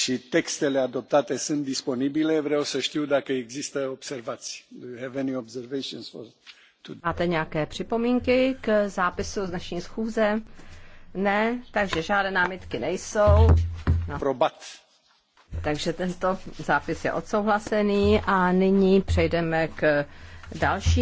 și textele adoptate sunt disponibile. Vreau să știu dacă există observații. Do you have any observations for Máte nějaké připomínky k zápisu z naší schůze? Ne, takže žádné námitky nejsou. No. Probat. Takže tento zápis je odsouhlasený a nyní přejdeme k další.